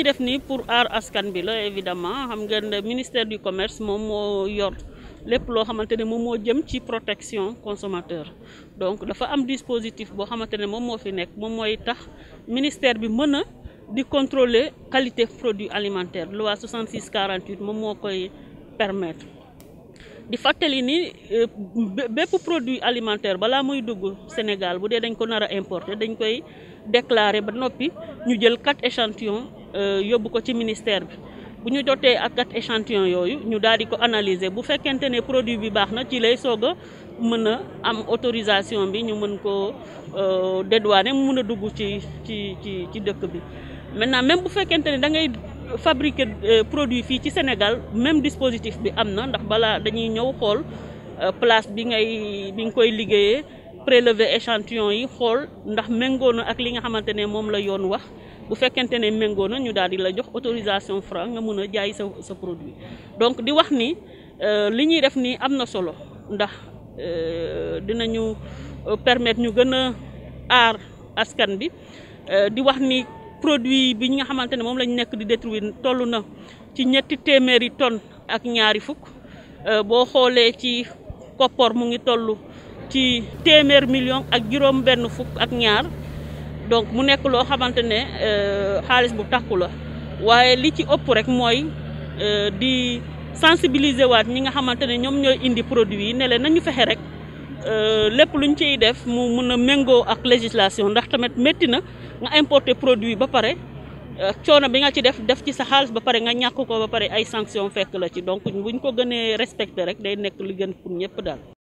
ñu def nii pour aar askan bi la évidemment xam ngeen ne ministère du commerce moom moo yor lépp loo xamante ne moom moo jëm ci protection consomateur donc dafa am dispositif boo xamante ne moom moo fi nekk moom mooy tax ministère bi mën na di contrôler qualité produit alimentaire loi 66 48 moom moo koy permettre di fàttali ni euh, bépp produit alimentaire balaa muy dugg Sénégal bu dee dañ ko nar a importer dañ koy déclarer ba noppi ñu jël quatre échantillons Euh, yóbbu ko ci ministère bi bu ñu jotee ak kat échantillon yooyu ñu daal di ko analyser bu fekkente ne produit bi baax na ci lay sog a mën a am autorisation bi ñu mën koo euh, dédouaner mu mën a dugg ci ci ci ci dëkk bi naa même bu fekkente ne da ngay fabriquer euh, produit fii ci Sénégal même dispositif bi am na ndax balaa dañuy ñëw xool place bi ngay bi nga koy liggéeyee prélever échantillon yi xool ndax méngoo na ak li nga xamante ne moom la yoon wax bu fekkente ne méngoo na ñu daal di la jox autorisation Fra nga mën a jaay sa sa produit donc di wax ni euh, li ñuy def nii am na solo ndax dina euh, dinañu euh, permettre ñu gën a aar askan bi di wax ni produit bi nga xamante ne moom lañ nekk di détruire toll na ci ñetti téeméeri tonnes ak ñaari fukk boo xoolee ci koppor mu ngi toll. ci téeméer million ak juróom benn fukk ak ñaar donc mu nekk loo xamante ne euh, xaalis bu takku la waaye li ci ëpp rek mooy euh, di sensibiliser waat ñi nga xamante ne ñoom ñooy indi produit yi ne nañu fexe rek euh, lépp luñ ciy def mu mun a méngoo ak législation ndax tamit métti na nga importer produit ba pare coono bi nga ci def def ci sa xaalis ba pare nga ñàkk ko ba pare ay sanction fekk la ci donc buñ ko gënee respecter rek day nekk li gën pour ñëpp daal